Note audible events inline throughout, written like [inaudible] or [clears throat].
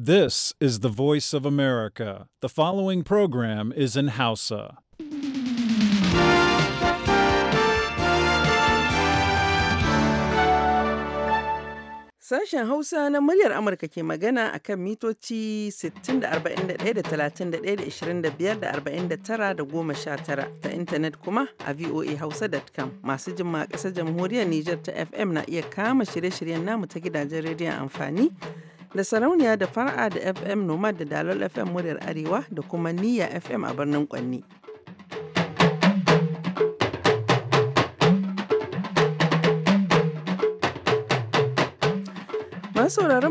This is the voice of America. The following program is in Hausa. Sashen Hausa na muryar Amurka ke magana a kan mitoci 60-41-31-25-49-19 ta intanet kuma a voahausa.com masu jimma ƙasar jamhuriyar Nijar ta FM na iya kama shirye-shiryen namu ta gidajen rediyon amfani da sarauniya da fara'a da fm nomad da dalol fm muryar arewa da kuma niyya fm a birnin kwanni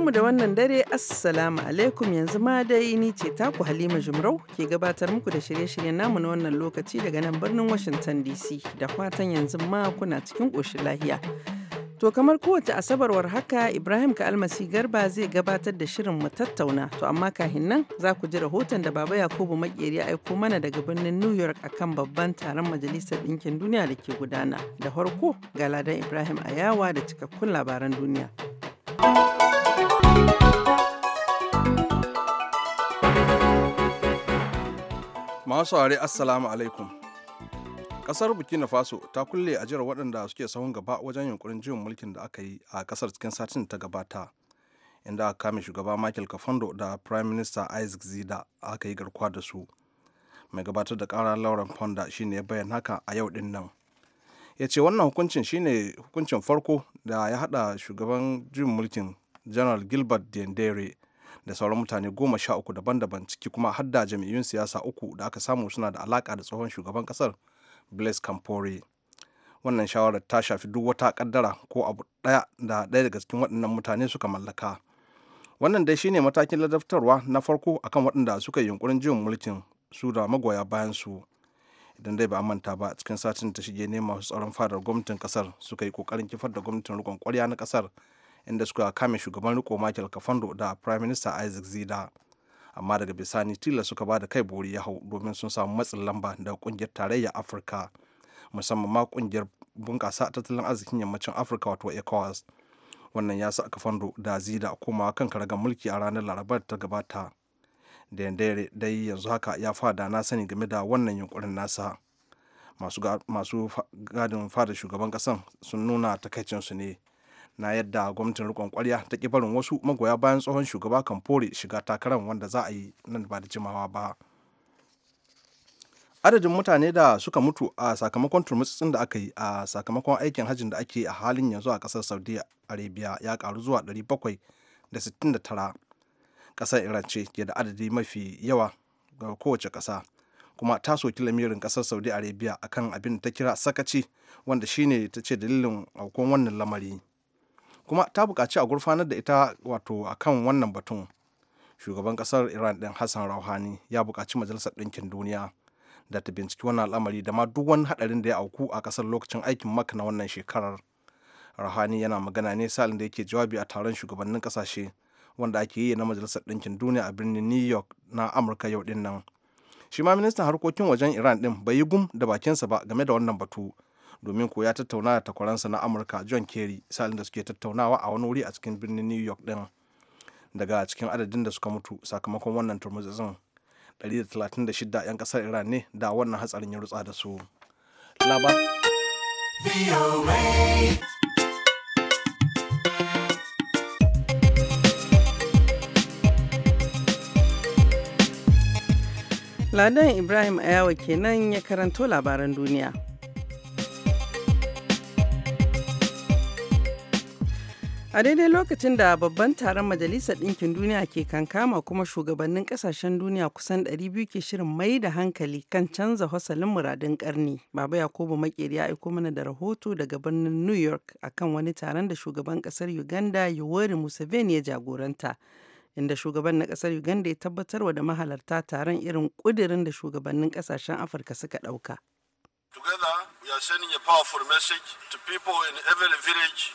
mu da wannan dare assalamu alaikum yanzu ma dai ni ce taku halima jumrau ke gabatar muku da shirye-shiryen namu na wannan lokaci daga nan birnin washington dc da fatan yanzu ma kuna cikin ƙoshin lahiya To kamar kowace asabarwar haka Ibrahim ka Almasi Garba zai gabatar da shirin mu tattauna. To amma kahin nan za ku ji rahoton da Baba Yakubu Makeri ya aiko mana daga birnin New York akan babban taron Majalisar Ɗinkin Duniya da ke gudana. Da farko ga Ladan Ibrahim Ayawa da cikakkun labaran duniya. Masu assalamu alaikum. kasar burkina faso ta kulle ajiyar waɗanda suke sahun gaba wajen yunkurin juyin mulkin da aka yi a kasar cikin satin ta gabata inda aka kame shugaba michael kafando da prime minister isaac zida aka yi garkuwa da su mai gabatar da kara lauren fonda shine ya bayyana haka a yau din nan ya ce wannan hukuncin shine hukuncin farko da ya hada shugaban juyin mulkin general gilbert dendere da sauran mutane goma sha uku daban-daban ciki kuma har da jam'iyyun siyasa uku da aka samu suna da alaka da tsohon shugaban kasar blaise Campori. wannan shawarar ta shafi duk wata kaddara ko abu ɗaya da daya daga cikin waɗannan mutane suka mallaka wannan dai shine matakin ladabtarwa na farko akan waɗanda suka yi yunkurin jin mulkin su da magoya bayan su idan dai ba a manta ba cikin satin ta shige ne masu tsaron fadar gwamnatin kasar suka yi kokarin kifar da gwamnatin rikon kwarya na kasar inda suka kame shugaban riko michael kafando da prime minister isaac zida amma daga bisani tilas suka ba da kai bori ya hau domin sun samu matsin lamba da kungiyar tarayya afirka musamman ma kungiyar bunƙasa tattalin arzikin yammacin afirka wato ecowas wannan ya sa aka fando da zida kuma kan karagar mulki a ranar larabar ta gabata da dai yanzu haka ya fada na sani game da wannan yunkurin nasa masu gadin fada shugaban kasan sun nuna takaicinsu ne na yadda gwamnatin rikon kwarya ta ki barin wasu magoya bayan tsohon shugaba kan fore shiga takarar wanda za a yi nan ba da jimawa ba adadin mutane da suka mutu a sakamakon turmutsutsun da aka yi a sakamakon aikin hajjin da ake a halin yanzu a kasar saudi arabia ya karu zuwa 769 kasar iran ce ke da adadi mafi yawa ga kowace kasa kuma ta soki lamirin ƙasar saudi arabia akan abin da ta kira sakaci wanda shine ta ce dalilin aukon wannan lamari kuma ta buƙaci a gurfanar da ita wato a kan wannan batun shugaban ƙasar iran ɗin hassan rauhani ya buƙaci majalisar ɗinkin duniya da ta binciki wannan al'amari da ma duk wani haɗarin da ya auku a ƙasar lokacin aikin maka na wannan shekarar rauhani yana magana ne sa'in da yake jawabi a taron shugabannin ƙasashe wanda ake yi na majalisar ɗinkin duniya a birnin new york na amurka yau ɗin nan shi ma ministan harkokin wajen iran ɗin bai yi gum da bakinsa ba game da wannan batu domin ko ya tattauna da takwaransa na amurka john kerry salin da suke tattaunawa a wani wuri a cikin birnin new york din daga cikin adadin da suka mutu sakamakon wannan turmuzin 136 'yan kasar iran ne da wannan hatsarin ya rutsa da su Ladan Ibrahim Ayawa kenan ya karanto labaran duniya. A daidai lokacin da babban taron Majalisar Ɗinkin Duniya ke kankama kuma shugabannin ƙasashen duniya kusan 200 ke shirin mai da hankali kan canza hasalin muradun ƙarni. Baba Yakubu Makeri ya aiko mana da rahoto daga birnin New York akan wani taron da shugaban ƙasar Uganda Yoweri Museveni ya jagoranta. Inda shugaban na ƙasar Uganda ya tabbatar wa da mahalarta taron irin ƙudirin da shugabannin ƙasashen Afirka suka ɗauka. Together, we are sending a powerful message to people in every village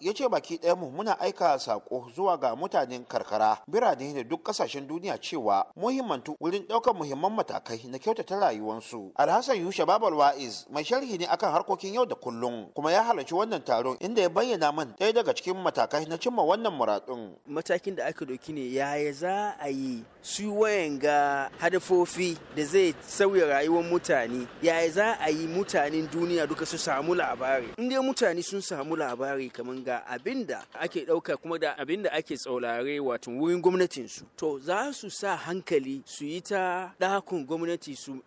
ya ce baki mu muna aika sako zuwa ga mutanen karkara birane da duk kasashen duniya cewa muhimmantu wurin ɗaukar muhimman matakai na kyautata rayuwarsu alhassan yusha babal wa'iz mai sharhi ne akan harkokin yau da kullum kuma ya halarci wannan taron inda ya bayyana min ɗaya daga cikin matakai na cimma wannan muradun matakin da aka doki ne yaya za a yi su wayan ga hadafofi da zai sauya rayuwar mutane yaya za a yi mutanen duniya duka su samu labari in dai mutane sun samu labari kamar ga abin da ake ɗauka kuma da abin da ake tsaurare wato wurin gwamnatinsu to za su sa hankali su yi ta ɗakun gwamnati su,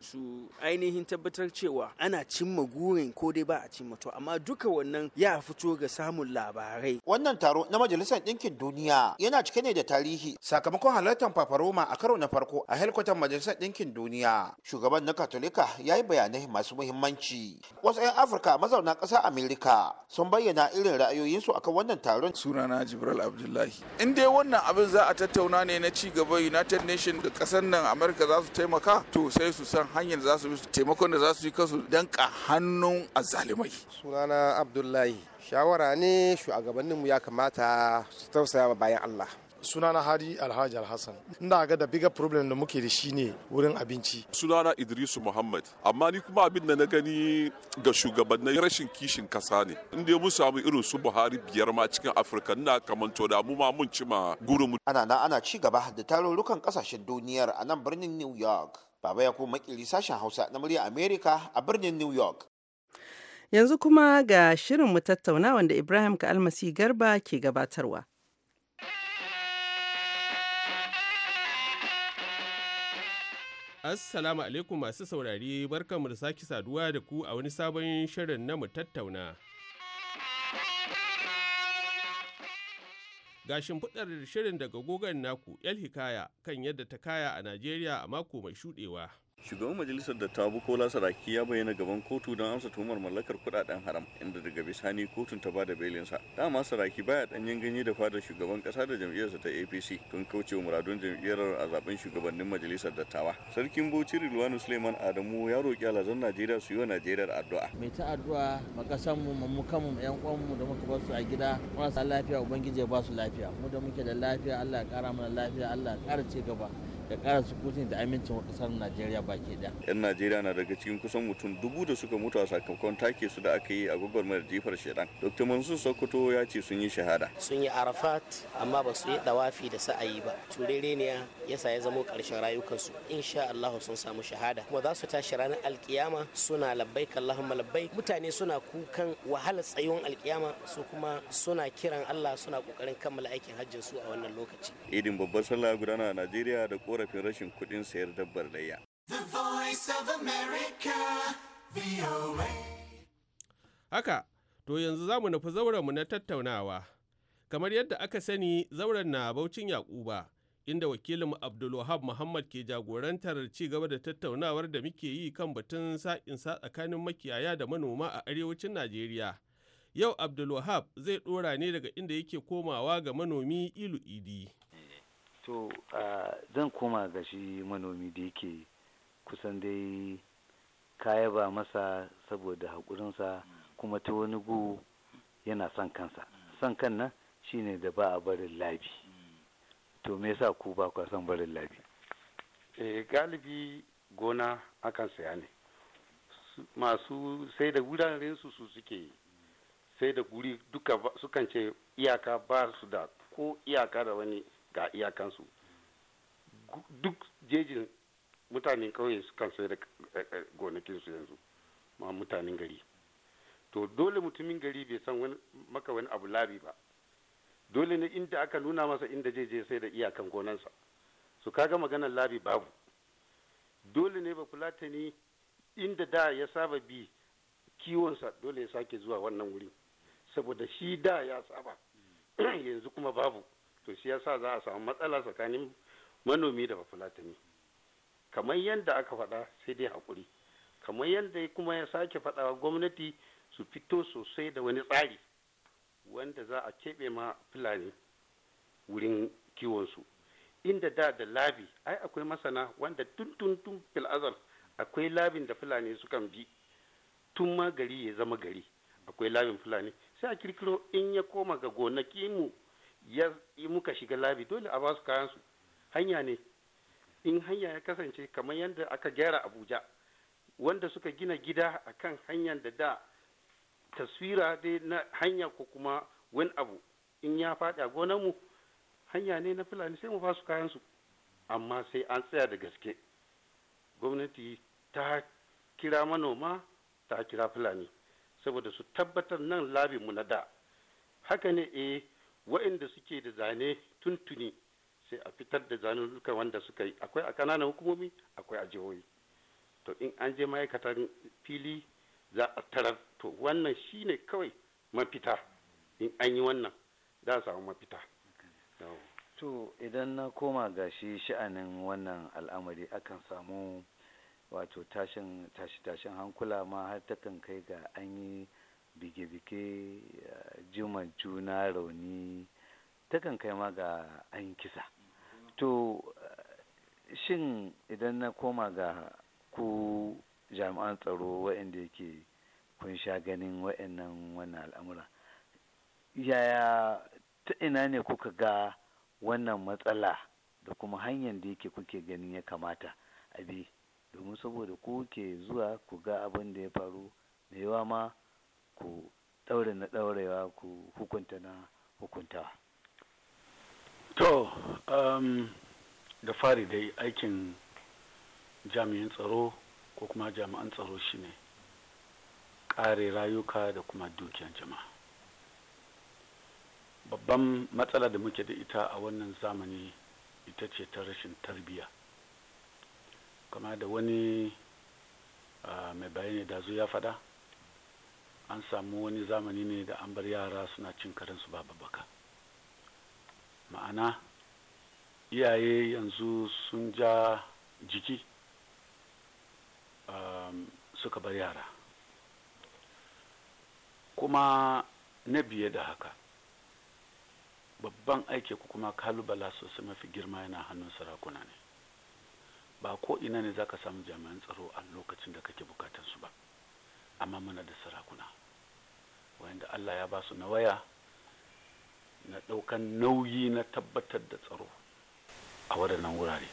ainihin tabbatar cewa ana cimma gurin ko dai ba a cimma to amma duka wannan ya fito ga samun labarai wannan taro na majalisar ɗinkin duniya yana cike ne da tarihi sakamakon halartar fafaroma a karo na farko a helkwatar majalisar ɗinkin duniya shugaban na katolika ya yi bayanai masu muhimmanci wasu 'yan afirka mazauna ƙasar amerika sun bayyana irin ra'ayoyi ra'ayoyinsu akan wannan taron. Sunana Jibril Abdullahi. In dai wannan abin za a tattauna ne na ci gaba United Nation da kasar nan america za su taimaka to sai su san hanyar za su taimakon da za su yi kasu danka hannun azalimai. Sunana Abdullahi. Shawara ne shugabanninmu ya kamata su tausaya bayan Allah. sunana hari alhaji alhassan inda ga da biga problem da muke da shi ne wurin abinci sunana idrisu muhammad amma ni kuma abin da na gani ga shugabannin rashin kishin kasa ne inda mun samu irin su buhari biyar ma cikin afirka ina kamanto da mu ma mun ci ma mu ana na ana ci gaba da tarurrukan kasashen duniyar a nan birnin new york baba ya kuma makili sashen hausa na murya america a birnin new york yanzu kuma ga shirin mu tattauna wanda ibrahim ka almasi garba ke gabatarwa Assalamu alaikum masu saurari barkanmu da sake saduwa da ku a wani sabon shirin na mu tattauna. Ga shimfiɗar shirin daga gogon naku 'yar Hikaya kan yadda ta kaya a Najeriya a mako mai shuɗewa. shugaban majalisar dattawa bukola saraki ya bayyana gaban kotu don amsa tuhumar mallakar kudaden haram inda daga bisani kotun ta bada belinsa dama saraki baya danyen ganye da fadar shugaban kasa da jam'iyyarsa ta apc tun kaucewa muradun jam'iyyar a zaben shugabannin majalisar dattawa sarkin bauchi rilwanu suleiman adamu ya roƙi alazan najeriya su yi wa najeriyar addu'a mai ta addu'a kasan mu mu kanmu yan mu da muka basu a gida marasa lafiya ubangiji ya ba su lafiya mu da muke da lafiya allah ya kara mana lafiya allah ya kara ci gaba kara su sukutin da amincin kasar najeriya baki ɗaya yan najeriya na daga cikin kusan mutum dubu da suka mutu a sakamakon take su da aka yi a gwagwarmayar jifar shedan dr mansur sokoto ya ce sun yi shahada sun yi arafat amma ba su yi dawafi da sa'ayi ba turereniya yasa ya zamo ƙarshen rayukansu insha allahu sun samu shahada kuma za su tashi ranar alkiyama suna labbai allahumma labbaik mutane suna kukan wahalar tsayuwar alkiyama su kuma suna kiran allah suna kokarin kammala aikin hajjin su a wannan lokaci idin babbar sallah gudana a najeriya da kora korafin rashin kuɗin sayar dabbar layya. Haka, to yanzu za mu nufi zauranmu na tattaunawa. Kamar yadda aka sani zauren na Baucin Yakuba, inda wakilin Abdulwahab Muhammad ke jagorantar ci gaba da tattaunawar da muke yi kan batun sa'insa tsakanin makiyaya da manoma a arewacin Najeriya. Yau Abdulwahab zai ɗora ne daga inda yake komawa ga manomi Ilu Idi. to zan koma ga shi manomi da yake kusan dai kaya ba masa saboda haƙurinsa kuma ta wani gu yana son kansa son kan nan shine da ba a barin labi to me yasa ku ba kwa son barin labi eh, galibi gona akan saya ne masu sai da wuraren su su suke sai da guri duka sukan ce iyaka ba su da ko iyaka da wani ga iyakansu duk jejin mutanen kauye su kan sai da eh, eh, gonakinsu yanzu ma mutanen gari to dole mutumin gari bai san maka wani abu labi ba dole ne inda aka nuna masa inda zai je sai da iyakan gonansa su kaga maganar labi babu dole ne ba fulatani inda da ya saba bi kiwonsa dole ya sake zuwa wannan wuri saboda shi da ya saba [clears throat] yanzu kuma babu to shi yasa za a samu matsala tsakanin manomi da bafulatani kamar yadda aka faɗa sai dai haƙuri kamar yadda kuma ya sake faɗa gwamnati su fito sosai da wani tsari wanda za a keɓe ma fulani wurin kiwonsu inda da da labi ai akwai masana wanda tun fil'azar akwai labin da fulani sukan bi tun ma gari ya zama gari akwai labin fulani sai a kirkiro in ya koma ga gonakinmu ya yi muka shiga labi dole a basu kayan su hanya ne in hanya ya kasance kamar yadda aka gyara abuja wanda suka gina gida a kan hanyar da da taswira dai na hanya ko kuma wani abu in ya faɗi a gonanmu hanya ne na fulani sai mu basu kayan su amma sai an tsaya da gaske gwamnati ta kira manoma ta kira fulani saboda su tabbatar nan labinmu na da haka ne eh wa'inda suke da zane tuntuni sai a fitar da duka wanda suka yi akwai a kananan hukumomi akwai a jihohi to in an je ma'aikatan fili za a tarar to wannan shine kawai mafita in an yi wannan za a samu mafita to idan na koma ga shi sha'anin wannan al'amari akan samu wato tashin tashi-tashin hankula ma har takan kai ga an yi bige-bige jima juna rauni takan kai ma ga an kisa to shin idan na koma ga ku jami'an tsaro waɗanda yake kun sha ganin waɗannan wannan al'amura yaya ta ina ne kuka ga wannan matsala da kuma hanyar da yake kuke ganin ya kamata a bi domin saboda ku ke zuwa ku ga abin da ya faru da yawa ma ku ɗaure na ɗaurewa ku hukunta na hukunta to um, da fari dai aikin jami'in tsaro ko kuma jami'an tsaro shine kare rayuka da kuma dukiyar jama'a babban matsala da muke da ita a wannan zamani ita ce ta rashin tarbiyya kama da wani ah, mai bayani da ya fada an samu wani zamani ne da an bar yara suna cin karansu babu baka ma'ana iyaye yanzu sun ja jiki um, suka bar yara kuma na biye da haka babban aiki ku kuma kalubala sosai mafi girma yana hannun sarakuna ne ba ko ina ne za ka samu jami'an tsaro a lokacin da kake bukatar su ba amma muna da sarakuna wanda Allah ya ba su na waya na ɗaukan nauyi na tabbatar da tsaro a waɗannan wurare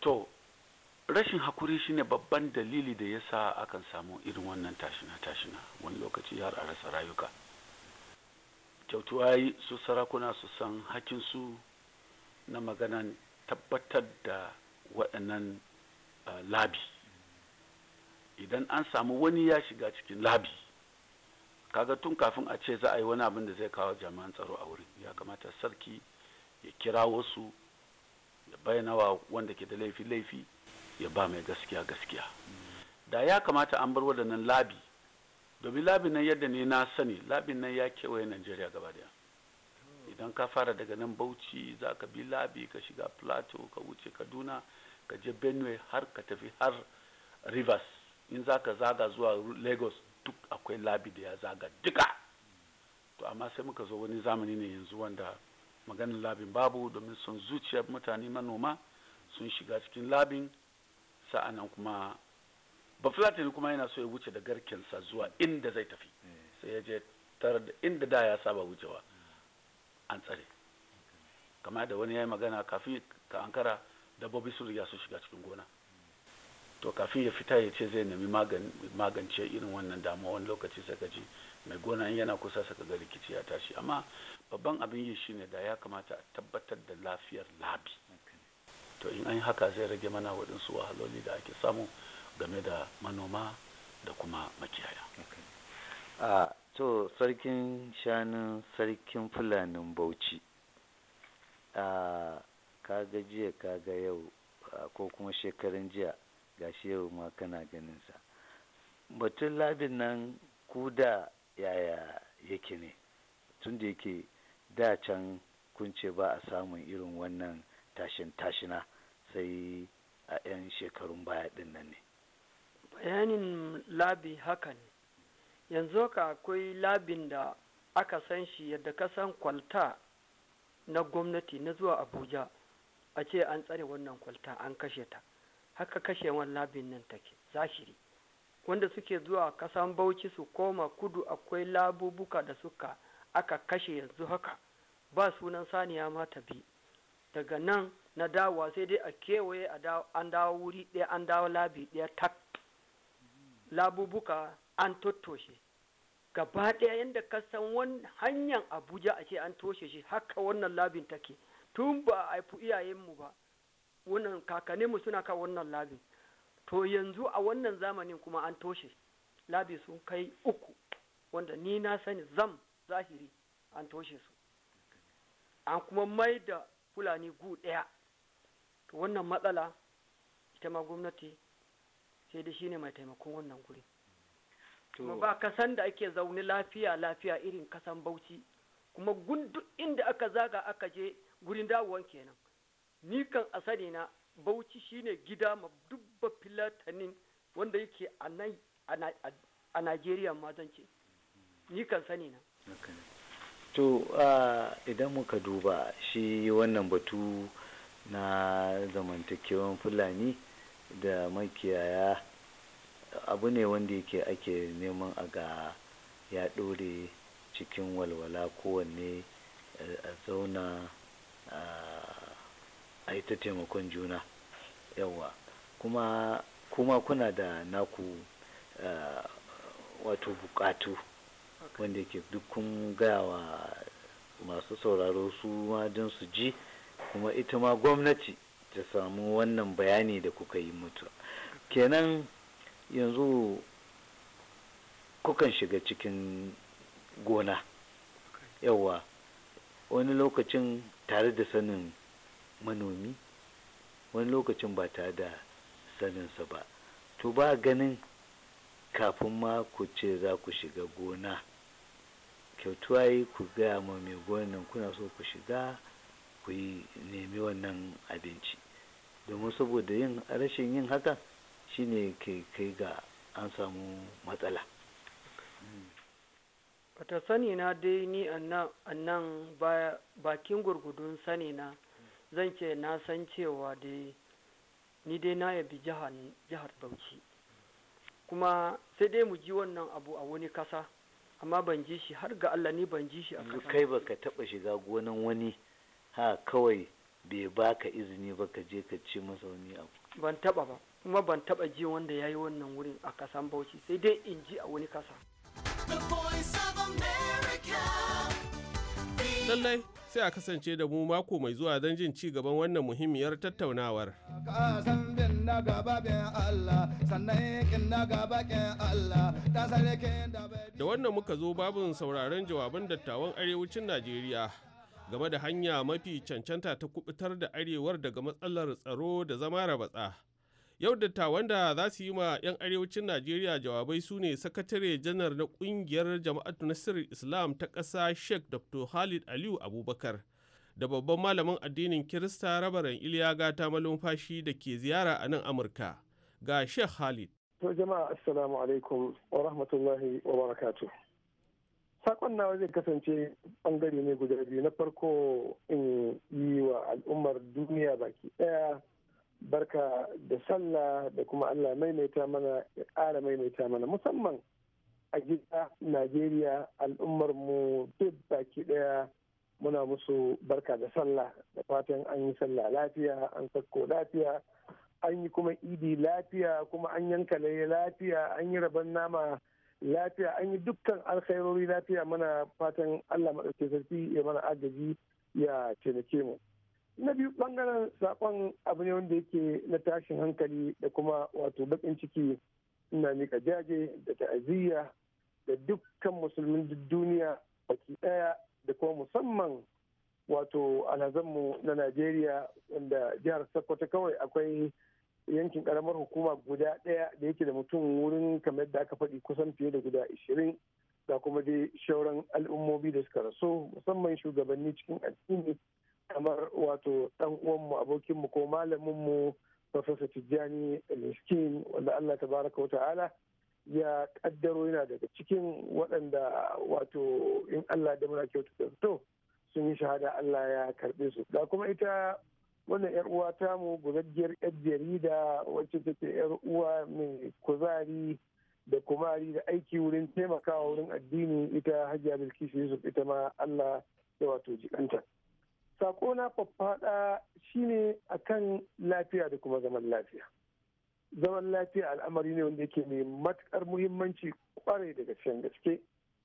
to rashin hakuri shine babban dalili da ya sa akan samu irin wannan tashina tashina wani lokaci har a rasa rayuka kyautuwayi su sarakuna su san hakinsu na maganan tabbatar da waɗannan ah, labi idan an samu wani ya shiga cikin labi kaga tun kafin a ce za a yi wani abin da zai kawo jami'an tsaro a wurin ya kamata sarki ya kira wasu ya bayyana wa wanda ke da laifi laifi ya ba mai gaskiya gaskiya da ya kamata an bar waɗannan labi domin labi nan yadda ne na sani labi nan ya kewaye najeriya gaba daya idan ka fara daga nan bauchi za ka bi labi ka shiga plateau ka wuce kaduna ka je benue har ka tafi har rivers in za ka zaga zuwa lagos duk akwai labi da ya zaga duka to amma sai muka zo wani zamani ne yanzu wanda maganin labin babu domin sun zuciya mutane manoma sun shiga cikin labin sa'anan kuma bafulatani kuma yana so ya wuce da garkensa zuwa inda zai tafi sai ya je tare da inda da ya saba wucewa an tsare kama da wani ya yi magana kafin ka ankara dabbobi sun riga sun shiga cikin gona to kafin ya fita ya ce zai nemi magance irin wannan damuwa wani lokaci saka ji mai gona yana kusa saka ga rikici ya tashi amma babban abin yi shine da ya kamata a tabbatar da lafiyar labi to in an haka zai rage mana waɗansu wahaloli da ake samu game da manoma da kuma makiyaya a to sarkin shanun sarkin fulanin bauchi a kaga jiya kaga yau ko kuma shekarun jiya gashi yau ma kana ganin sa batun labin nan ku da yaya yake ne tun da yake da can kun ce ba a samun irin wannan tashin tashina sai a 'yan shekarun baya din nan ne bayanin labi haka ne yanzu ka akwai labin da aka san shi yadda ka san kwalta na gwamnati na zuwa abuja a ce an tsare wannan kwalta an kashe ta haka kashe kashewar labin nan take zashiri wanda suke zuwa kasan bauchi su koma kudu akwai labubuka da suka aka kashe yanzu haka ba sunan saniya ma ta bi daga nan na dawa sai dai a kewaye an dawo wuri ɗaya an dawo labi ɗaya tak labubuka an tottoshe gaba ɗaya yadda ka san hanyar abuja a ce an toshe shi haka wannan labin take tun ba a haifi iyayenmu ba wannan kakanninmu suna kan wannan labi to yanzu a wannan zamanin kuma an toshe labi sun kai uku wanda ni na sani zam zahiri an toshe su an kuma mai da fulani gu ɗaya to wannan matsala ita ma gwamnati sai da shine mai taimakon wannan guri kuma ba kasan da ake zaune lafiya lafiya irin kasan bauchi kuma gundu inda aka zaga aka je gurin dawowan kenan ni kan asali na bauchi shine gida ma dubba filatanin wanda yake a najeriya ma zan ce ni kan sani na to idan muka duba shi wannan batu na zamantakewan fulani da makiyaya abu ne wanda yake ake neman a ga ya ɗore cikin walwala kowanne a zauna a a yi ta taimakon juna yawa kuma kuma kuna da naku uh, wato bukatu wanda ke duk kun masu sauraro su ma don su ji kuma ita ma gwamnati ta samu wannan bayani da kuka yi mutu kenan yanzu kukan shiga cikin gona yawa wani lokacin tare da sanin manomi wani lokacin ba tare da saninsa ba to ba ganin kafin ma ku ce za ku shiga gona kyautuwa yi ku gaya ma mai gonan kuna so ku shiga ku yi nemi wannan abinci domin saboda yin rashin yin hakan shine ke kai ga an samu matsala bata sani na dai ni annan bakin gurgudun sani na zan ce na san cewa dai ni dai na yabi jihar bauchi kuma sai dai mu ji wannan abu a wani kasa amma ban ji shi har ga Allah ni ban ji shi a kasa kai baka taba shiga gonan wani ha kawai bai baka izini ba ka je ka ce masa wani abu ban taba ba kuma ban taba ji wanda yayi wannan wurin a kasan Bauchi sai dai in ji a wani kasa lallai sai a kasance da mu mako mai zuwa don jin ci gaban wannan muhimmiyar tattaunawar. Da wannan muka zo babin sauraron jawabin dattawan arewacin Najeriya game da hanya mafi cancanta ta kubutar da arewar daga matsalar tsaro da zama rabatsa. Yau dattawan da za su yi ma 'yan arewacin Najeriya jawabai su ne sakatare janar na kungiyar jama'atu Nasir Islam ta ƙasa Sheikh Dr. halid Aliyu Abubakar da babban malamin addinin Kirista rabaran Iliya ta malumfashi da ke ziyara a nan Amurka ga Sheikh Khalid. To rahmatullahi wa sakon nawa zai kasance bangare ne guda biyu na farko in yi wa al'ummar duniya baki ɗaya. barka da sallah da kuma allah maimaita mana ya ƙara maimaita mana musamman a gida najeriya al'ummar mu duk baki ɗaya muna musu barka da sallah da fatan an yi sallah lafiya an sakko lafiya an yi kuma idi lafiya kuma an yanka laye lafiya an yi rabon nama lafiya an yi dukkan alkhairori lafiya mana fatan allah maɗauke sarki ya mana agaji ya taimake mu bangaren sakon abu ne wanda yake na tashin hankali da kuma wato bakin ciki ina mika jaje da ta'aziyya da dukkan musulmin duniya baki daya da kuma musamman wato alhazanmu na najeriya wanda jihar sokoto kawai akwai yankin karamar hukuma guda daya da yake da mutum wurin kamar yadda aka faɗi kusan fiye da guda ashirin da kuma dai shauran al'ummomi da suka rasu musamman shugabanni cikin addini kamar wato dan uwanmu abokinmu ko malaminmu Professor Tijjani Miskin wanda Allah ta baraka ta'ala ya kaddaro yana daga cikin waɗanda wato in Allah da muna kyautu to sun yi shahada Allah ya karɓe su da kuma ita wannan yar uwa ta mu gurajiyar yar jarida wacce take yar uwa mai kuzari da kumari da aiki wurin taimakawa wurin addini ita hajiya bilkisu yusuf ita ma Allah ya wato jikanta. sako na faffaɗa shine akan lafiya da kuma zaman lafiya zaman lafiya al'amari ne wanda yake mai matuƙar muhimmanci kwarai daga cikin gaske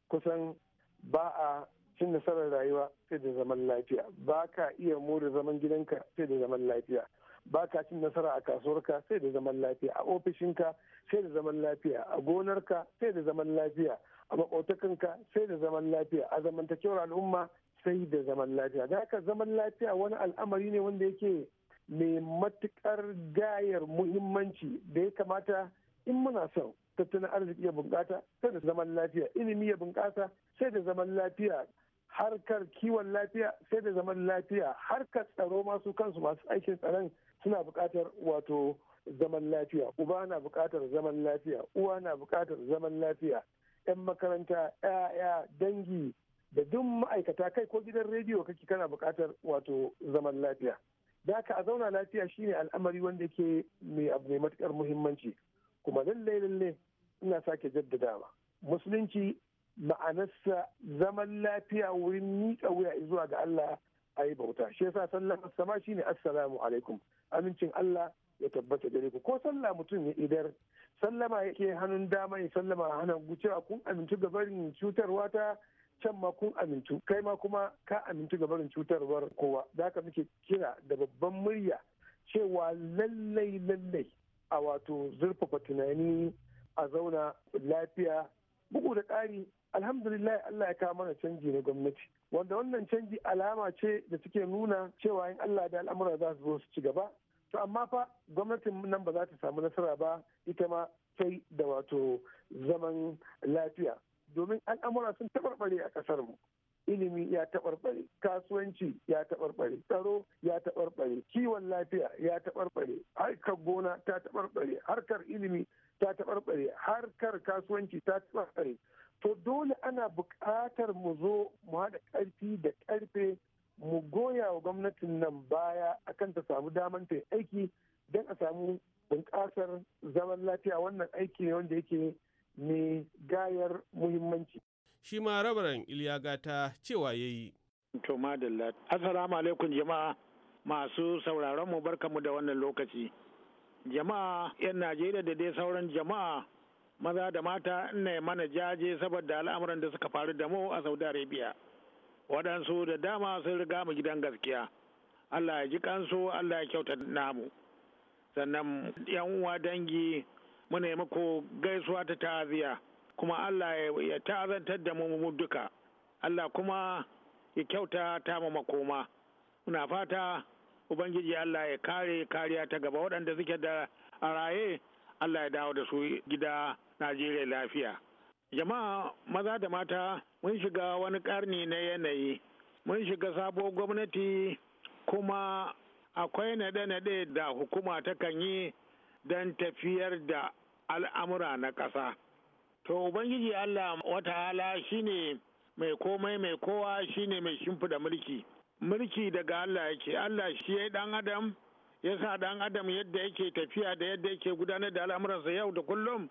kusan ba a cin nasarar rayuwa sai da zaman lafiya ba ka iya more zaman gidanka sai da zaman lafiya ba ka cin nasara a kasuwarka sai da zaman lafiya a ofishinka sai da zaman lafiya a gonarka sai da zaman lafiya a makotakanka sai da zaman lafiya a zamantakewar al'umma sai da zaman lafiya da haka zaman lafiya wani al'amari ne wanda yake mai matukar gayar muhimmanci da ya kamata in muna son tattalin arziki ya bunƙasa sai da zaman lafiya ilimi ya bunƙasa sai da zaman lafiya harkar kiwon lafiya sai da zaman lafiya harkar tsaro masu kansu masu aikin tsaron suna buƙatar wato zaman lafiya uba na buƙatar zaman lafiya uwa na buƙatar zaman lafiya 'yan makaranta 'ya'ya dangi da duk ma'aikata kai ko gidan rediyo kake kana buƙatar wato zaman lafiya da ka a zauna lafiya shine al'amari wanda ke mai abu mai matukar muhimmanci kuma lallai lallai ina sake jaddadawa musulunci ma'anarsa zaman lafiya wurin miƙa wuya zuwa ga Allah a yi bauta shi yasa sallan sama shine assalamu alaikum amincin Allah ya tabbata gare ku ko sallah mutum ya idar sallama yake hannun dama ya sallama hannun gucewa kun amince ga barin cutarwa ta can ma kun amintu kai ma kuma ka amintu ga barin cutarwar kowa da haka muke kira da babban murya cewa lallai lallai a wato zurfafa tunani a zauna lafiya bugu da ƙari alhamdulillah Allah ya kawo mana canji na gwamnati wanda wannan canji alama ce da suke nuna cewa in Allah da al'amura za su zo su ci gaba to amma fa gwamnatin nan ba za ta samu nasara ba ita ma sai da wato zaman lafiya domin al'amura sun taɓarɓare a ƙasar mu ilimi ya taɓarɓare kasuwanci ya taɓarɓare tsaro ya taɓarɓare kiwon lafiya ya taɓarɓare harkar gona ta taɓarɓare harkar ilimi ta taɓarɓare harkar kasuwanci ta taɓarɓare to dole ana buƙatar mu zo mu haɗa ƙarfi da ƙarfe mu goya wa gwamnatin nan baya akan ta samu daman ta aiki don a samu bunƙasar zaman lafiya wannan aiki ne wanda yake mai gayar muhimmanci. Shi ma rabaran Iliya Gata cewa ya yi. To Assalamu alaikum jama'a masu sauraron mu barkamu da wannan lokaci. Jama'a 'yan Najeriya da dai sauran jama'a maza da mata ina mana jaje saboda al'amuran da suka faru da mu a Saudi Arabia. Waɗansu da dama sun riga mu gidan gaskiya. Allah ya ji kansu, Allah ya kyauta namu. Sannan 'yan uwa dangi muna yi muku gaisuwa ta ta'aziya kuma Allah ya ta'azantar da mu duka Allah kuma ya kyauta ta mu makoma muna fata ubangiji Allah ya kare kariya ta gaba waɗanda suke da a raye Allah ya dawo da su gida Najeriya lafiya jama'a maza da mata mun shiga wani karni na yanayi mun shiga sabuwar gwamnati kuma akwai naɗe-naɗe da hukuma ta kan yi don tafiyar da al'amura na ƙasa. To Ubangiji Allah wata shi shine mai komai mai kowa Shi ne mai shimfiɗa mulki. Mulki daga Allah yake, Allah shi ya ɗan adam, ya sa ɗan adam yadda yake tafiya da yadda yake gudanar da al'amuransa yau da kullum.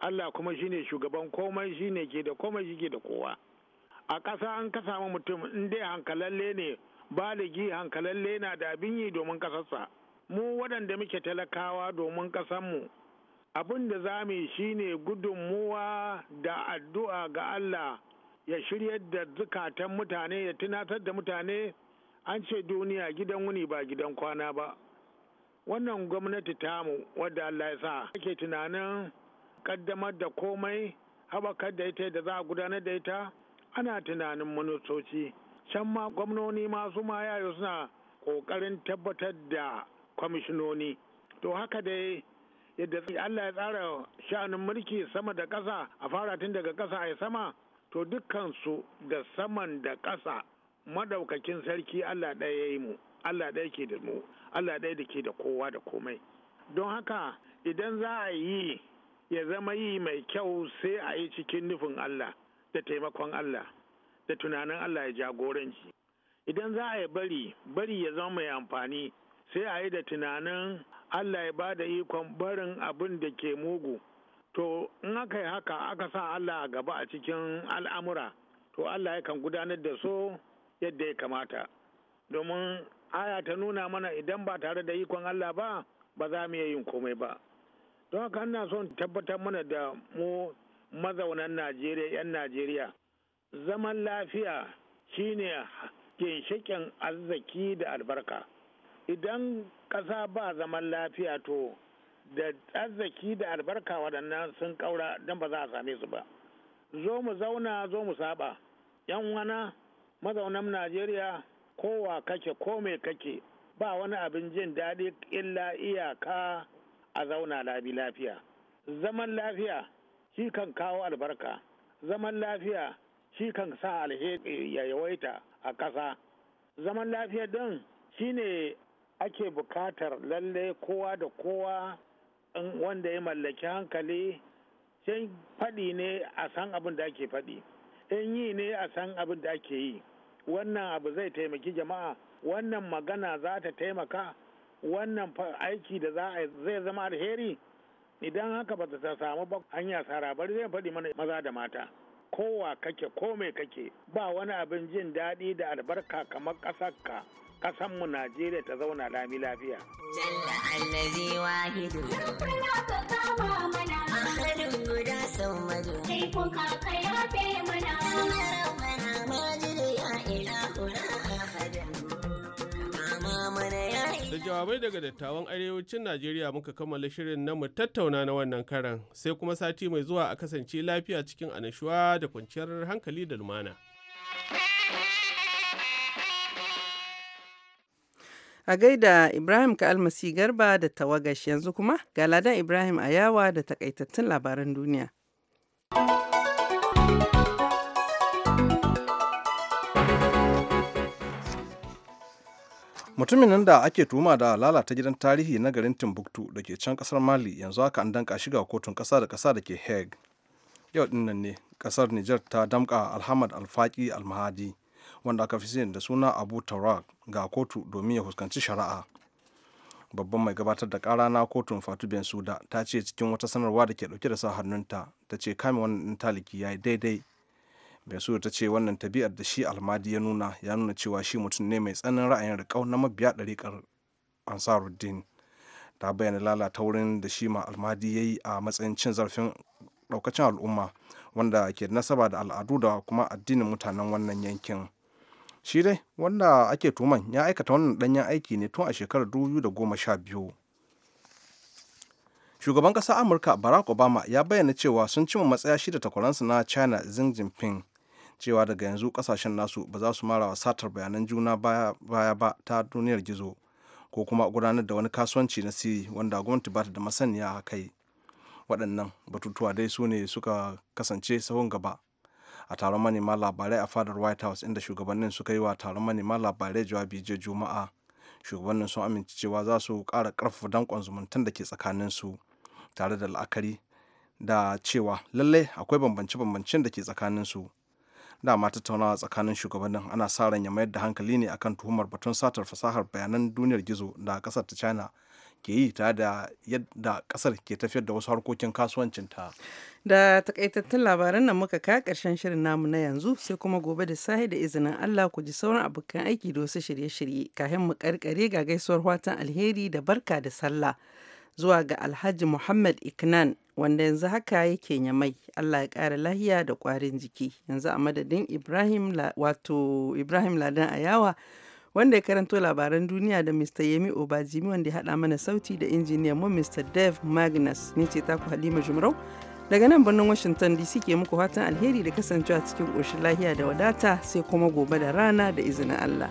Allah kuma shi ne shugaban komai shi ne ke da komai shi ke da kowa. A ƙasa an ka samu mutum in dai hankalalle ne baligi hankalalle na da abin yi domin ƙasarsa. mu waɗanda muke talakawa domin ƙasanmu abin da za mu yi shine gudunmuwa da addu'a ga Allah ya shirya da zukatan mutane ya tunatar da mutane an ce duniya gidan wuni ba gidan kwana ba wannan gwamnati tamu wadda Allah ya sa ake tunanin kaddamar da komai haɓakar da ita da za a gudanar da ita ana tunanin manusoci can ma gwamnoni masu ma yayo suna ƙoƙarin tabbatar da kwamishinoni to haka dai yadda Allah ya tsara sha'anin mulki sama da ƙasa a fara tun daga ƙasa ya sama to dukkansu da saman da ƙasa madaukakin sarki Allah ɗaya ya yi mu Allah ɗaya ke da mu Allah ɗaya da ke da kowa da komai don haka idan za a yi ya zama yi mai kyau sai a yi cikin nufin Allah da taimakon Allah da tunanin Allah ya jagoranci idan za a yi bari bari ya zama mai amfani sai a yi da tunanin Allah ya ba da ikon barin abin da ke mugu. To, in aka yi haka aka sa Allah a gaba a cikin al'amura, to Allah yakan gudanar da so yadda ya kamata. Domin aya ta nuna mana idan ba tare da ikon Allah ba, ba za mu yin komai ba. Don haka ina son tabbatar mana da mu mazaunan Najeriya, 'yan Najeriya. Zaman lafiya shine ginshiƙin arziki da albarka. idan ƙasa ba zaman lafiya to da arziki da albarka waɗannan sun ƙaura don ba za a same su ba zo mu zauna zo mu saba yan wana mazaunan najeriya kowa kake ko mai kake ba wani abin jin daɗi illa iyaka a zauna labi lafiya zaman lafiya shi kan kawo albarka zaman lafiya shi kan sa alheri ya yawaita a ƙasa zaman lafiya don shine ake bukatar lalle kowa da kowa wanda ya mallaki hankali sai faɗi ne a san abin da ake faɗi in yi ne a san abin da ake yi wannan abu zai taimaki jama'a wannan magana za ta taimaka wannan aiki da za a zai zama alheri idan haka ba ta samu ba hanya sara bari zai faɗi mana maza da mata kowa kake ko mai kake ba wani abin jin daɗi da albarka kamar ƙasarka mu Najeriya ta zauna lami lafiya. Jalla allazi wahidu. Yarkunya ka kama mana. Ahadun guda sau madu. Sai kuka kayafe mana. Da jawabai daga dattawan arewacin Najeriya muka kammala shirin na mu tattauna na wannan karan sai kuma sati mai zuwa a kasance lafiya cikin anashuwa da kwanciyar hankali da lumana. A gaida Ibrahim ka almasi garba da tawagash yanzu kuma ga ladan Ibrahim Ayawa da takaitattun labaran duniya. mutumin nan da ake tuma da lalata gidan tarihi na garin timbuktu da ke can kasar mali yanzu aka an danka shiga kotun kasa da kasa da ke hague yau din nan ne kasar niger ta damka alhamad alfaki almahadi wanda aka fi da suna abu taurak ga kotu domin ya fuskanci shari'a babban mai gabatar da kara na kotun fatu bensuda ta ce cikin wata sanarwa da ke dauke da sa hannunta ta ce kame wannan taliki ya yi daidai Bensuda ta ce wannan tabi'ar da shi almadi ya nuna ya nuna cewa shi mutum ne mai tsanin ra'ayin riƙau na mabiya ɗariƙar ansaruddin ta bayyana lalata wurin da shi ma almadi ya yi a matsayin cin zarafin ɗaukacin al'umma wanda ke nasara nasaba da al'adu da kuma addinin mutanen wannan yankin shi dai wanda ake tuman ya aikata wannan ɗanyen aiki ne tun a shekarar da sha biyu. shugaban ƙasar amurka barack obama ya bayyana cewa sun cimma matsaya shida takwaransu na china xi jinping cewa daga yanzu kasashen nasu ba za su wa satar bayanan juna baya ba ta duniyar gizo ko kuma gudanar da wani kasuwanci na siri wanda gwamnati ba ta da masaniya a kai waɗannan batutuwa dai su ne suka kasance sahun gaba a taron manema labarai a fadar white house inda shugabannin suka yi wa taron manema labarai jawabi jiya juma'a shugabannin sun amince cewa za su kara ƙarfafa danƙon zumuntan da ke tsakaninsu tare da la'akari da cewa lallai akwai bambance-bambancen da ke tsakaninsu dama tattaunawa tsakanin shugabannin ana sa ran ya mayar da hankali ne akan tuhumar batun satar fasahar bayanan duniyar gizo da kasar ta china ke yi tare da yadda kasar ke tafiyar da wasu harkokin ta Da takaitattun labaran nan muka ka karshen shirin namu na yanzu sai kuma gobe da sahi da izinin Allah ku ji sauran abokan aiki da wasu shirye-shirye kafin mu karkare ga gaisuwar watan alheri da barka da sallah zuwa ga Alhaji Muhammad Iknan wanda yanzu haka yake nyamai Allah ya kara lahiya da kwarin jiki yanzu a madadin Ibrahim wato Ibrahim Ladan Ayawa wanda ya karanto labaran duniya da Mr. Yemi Obajimi wanda ya haɗa mana sauti da injiniyan mu Mr. Dave Magnus ni ce taku Halima Jumrau daga nan birnin Washington DC ke muku fatan alheri da kasancewa cikin koshin lahiya da wadata sai kuma gobe da rana da izinin Allah.